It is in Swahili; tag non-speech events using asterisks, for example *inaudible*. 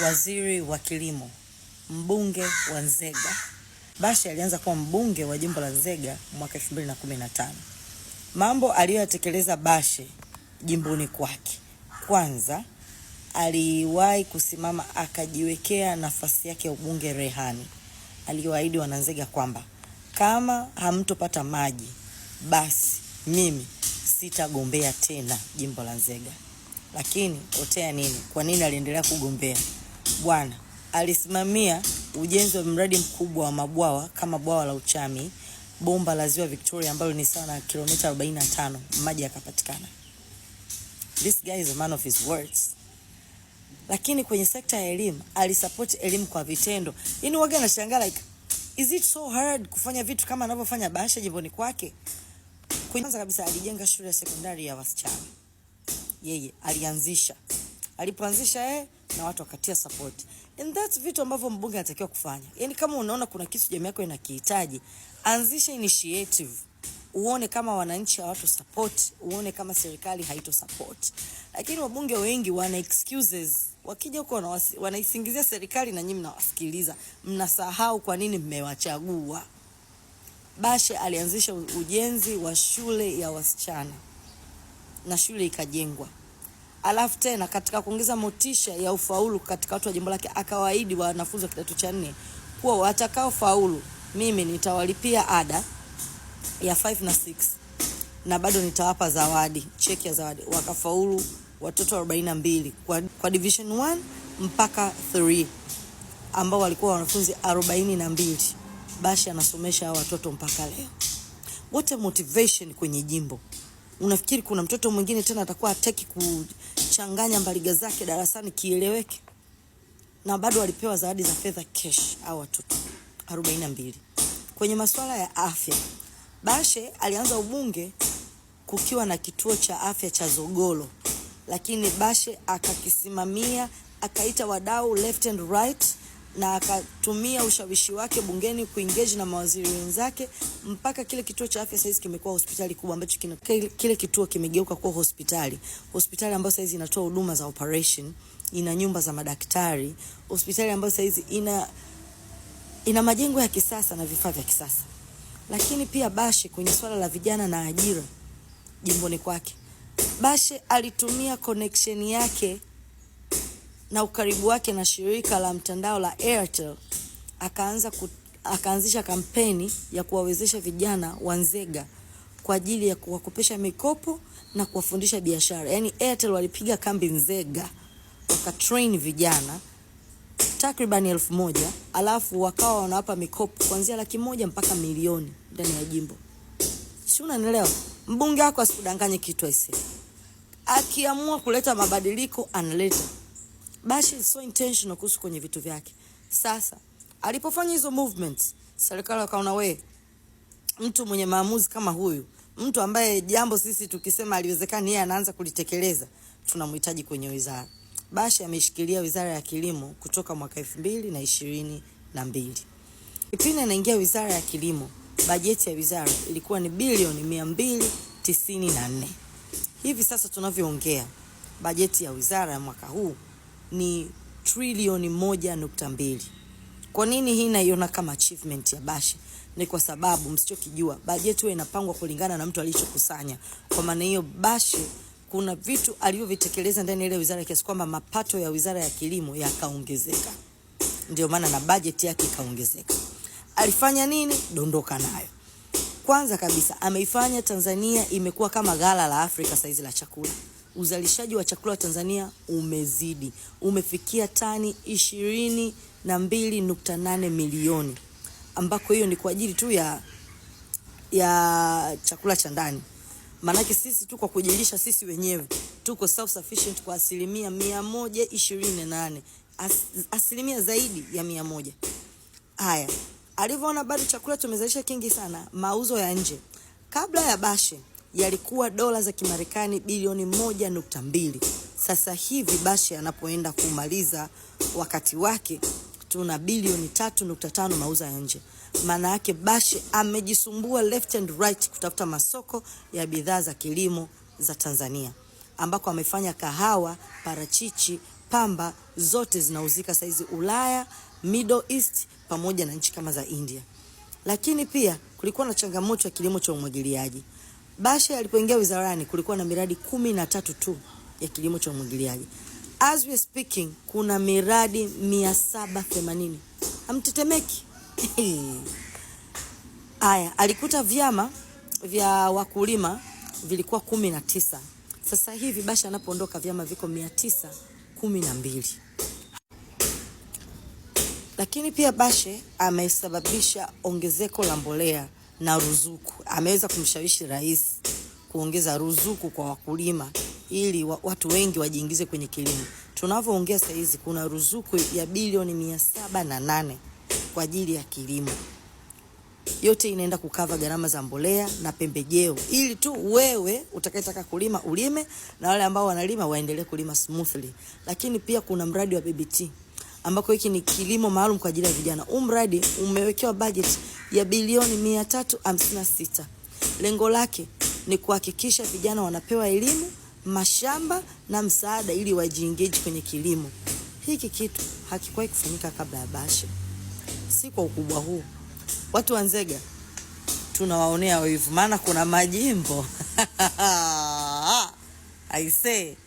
waziri wa kilimo, mbunge wa Nzega. Bashe alianza kuwa mbunge wa jimbo la Nzega mwaka 2015. Mambo aliyoyatekeleza Bashe jimboni kwake, kwanza aliwahi kusimama akajiwekea nafasi yake ya ubunge Rehani. Aliwaahidi wananzega kwamba kama hamtopata maji basi mimi sitagombea tena jimbo la Nzega. Lakini otea nini? Kwa nini aliendelea kugombea? Bwana alisimamia ujenzi wa mradi mkubwa wa mabwawa kama bwawa la Uchami, bomba la ziwa Victoria ambalo ni sawa na kilomita 45, maji yakapatikana. This guy is a man of his words. Lakini kwenye sekta ya elimu alisapoti elimu kwa vitendo. yani waga anashangaa like is it so hard kufanya vitu kama anavyofanya Basha jimboni kwake? Kwanza kabisa alijenga shule ya sekondari ya wasichana. Yeye alianzisha. Alipoanzisha eh na watu wakatia support. And that's vitu ambavyo mbunge anatakiwa kufanya. Yaani kama unaona kuna kitu jamii yako inakihitaji, anzisha initiative. Uone kama wananchi hawato support, uone kama serikali haito support. Lakini wabunge wengi wana excuses. Wakija huko wanaisingizia serikali na nyinyi mnawasikiliza. Mnasahau kwa nini mmewachagua. Bashe alianzisha ujenzi wa shule ya wasichana na shule ikajengwa. Alafu tena katika kuongeza motisha ya ufaulu katika watu wa jimbo lake, akawaahidi wanafunzi wa kidato cha nne kuwa watakaofaulu mimi nitawalipia ada ya 5 na 6 na bado nitawapa zawadi, cheki ya zawadi. Wakafaulu watoto 42 kwa, kwa division 1 mpaka 3 ambao walikuwa wanafunzi 42. basi anasomesha hao watoto mpaka leo. What a motivation kwenye jimbo. Unafikiri kuna mtoto mwingine tena atakuwa ataki kuchanganya mbaliga zake darasani kieleweke, na bado walipewa zawadi za fedha cash au watoto 42. Kwenye masuala ya afya, Bashe alianza ubunge kukiwa na kituo cha afya cha Zogolo, lakini Bashe akakisimamia, akaita wadau left and right na akatumia ushawishi wake bungeni kuengage na mawaziri wenzake mpaka kile kituo cha afya saizi kimekuwa hospitali kubwa, ambacho kile kituo kimegeuka kuwa hospitali, hospitali ambayo saizi inatoa huduma za operation, ina nyumba za madaktari, hospitali ambayo saizi ina ina majengo ya kisasa na vifaa vya kisasa. Lakini pia Bashe kwenye swala la vijana na ajira jimboni kwake, Bashe alitumia connection yake na ukaribu wake na shirika la mtandao la Airtel akaanza ku, akaanzisha kampeni ya kuwawezesha vijana wa Nzega kwa ajili ya kuwakopesha mikopo na kuwafundisha biashara. Yaani Airtel walipiga kambi Nzega wakatrain vijana takribani elfu moja alafu wakawa wanawapa mikopo kuanzia laki moja mpaka milioni ndani ya jimbo, si unanielewa? Mbunge wako asikudanganye kitu aisee, akiamua kuleta mabadiliko analeta. Bashe so intentional kuhusu kwenye vitu vyake. Sasa alipofanya hizo movements, serikali wakaona we mtu mwenye maamuzi kama huyu, mtu ambaye jambo sisi tukisema aliwezekani yeye anaanza kulitekeleza, tunamhitaji kwenye wizara. Bashe ameshikilia wizara ya kilimo kutoka mwaka elfu mbili na ishirini na mbili. Kipindi anaingia wizara ya kilimo, bajeti ya wizara ilikuwa ni bilioni mia mbili tisini na nne. Hivi sasa tunavyoongea, bajeti ya wizara ya mwaka huu ni trilioni moja nukta mbili. Kwa nini hii naiona kama achievement ya Bashe? Ni kwa sababu msichokijua, bajeti huwa inapangwa kulingana na mtu alichokusanya. Kwa maana hiyo, Bashe kuna vitu alivyovitekeleza ndani ile wizara, kiasi kwamba mapato ya wizara ya kilimo yakaongezeka, ndio maana na bajeti yake ikaongezeka. Alifanya nini? Dondoka nayo. Kwanza kabisa ameifanya Tanzania imekuwa kama ghala la Afrika saizi la chakula uzalishaji wa chakula wa Tanzania umezidi, umefikia tani ishirini na mbili nukta nane milioni ambako hiyo ni kwa ajili tu ya, ya chakula cha ndani. Maanake sisi tu kwa kujilisha sisi wenyewe tuko self sufficient kwa asilimia mia moja ishirini na nane As, asilimia zaidi ya mia moja. Haya, alivyoona bado chakula tumezalisha kingi sana, mauzo ya nje kabla ya Bashe yalikuwa dola za Kimarekani bilioni moja nukta mbili. Sasa hivi Bashe anapoenda kumaliza wakati wake tuna bilioni tatu nukta tano mauza ya nje. Maana yake Bashe amejisumbua left and right kutafuta masoko ya bidhaa za kilimo za Tanzania ambako amefanya kahawa, parachichi, pamba zote zinauzika saizi Ulaya, Middle East pamoja na nchi kama za India. Lakini pia kulikuwa na changamoto ya kilimo cha umwagiliaji. Bashe alipoingia wizarani kulikuwa na miradi kumi na tatu tu ya kilimo cha umwagiliaji. As we speaking kuna miradi mia saba themanini. Hamtetemeki? *laughs* Aya, alikuta vyama vya wakulima vilikuwa kumi na tisa. Sasa hivi Bashe anapoondoka vyama viko mia tisa kumi na mbili. Lakini pia Bashe amesababisha ongezeko la mbolea na ruzuku. Ameweza kumshawishi rais kuongeza ruzuku kwa wakulima ili watu wengi wajiingize kwenye kilimo. Tunavyoongea sasa hizi kuna ruzuku ya bilioni mia saba na nane kwa ajili ya kilimo. Yote inaenda kukava gharama za mbolea na pembejeo, ili tu wewe utakayetaka kulima ulime na wale ambao wanalima waendelee kulima smoothly. Lakini pia kuna mradi wa BBT ambako hiki ni kilimo maalum kwa ajili ya vijana. Huu mradi umewekewa bajeti ya bilioni 356. Lengo lake ni kuhakikisha vijana wanapewa elimu, mashamba na msaada ili wajiengage kwenye kilimo. Hiki kitu hakikuwahi kufanyika kabla ya Bashe, si kwa ukubwa huu. Watu wa Nzega tunawaonea wivu, maana kuna majimbo *laughs* say.